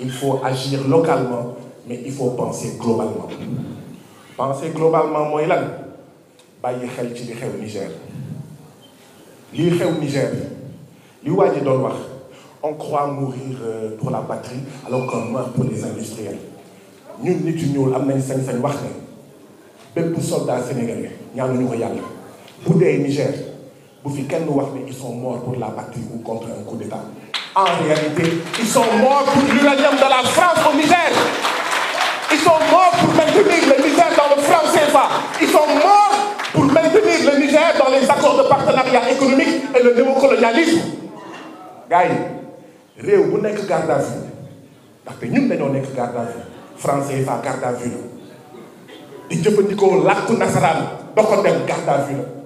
Il faut agir localement, mais il faut penser globalement. Penser globalement mooy lan bàyyi xel ci li xew Niger li xew Niger li waa ji doon wax on croit mourir euh, pour la patrie alors qu'on meurt pour les industriels ñun nit yu ñuul am nañ sañ-sañ wax ne bépp soldat sénégalais ñaanuñu ko yàlla bu dee Niger bu fi kenn wax ne ils sont morts pour la patrie ou contre coup d'État en réalité ils sont morts pour l'humanité par les accords de partenariat économique et le néocolonialisme gars yi réew bu nekk garde à vue ndaxte ñun dañoo nekk garde à vue français fa garde à vue la di jëfandikoo làkku nasaraan ba dem garde à vue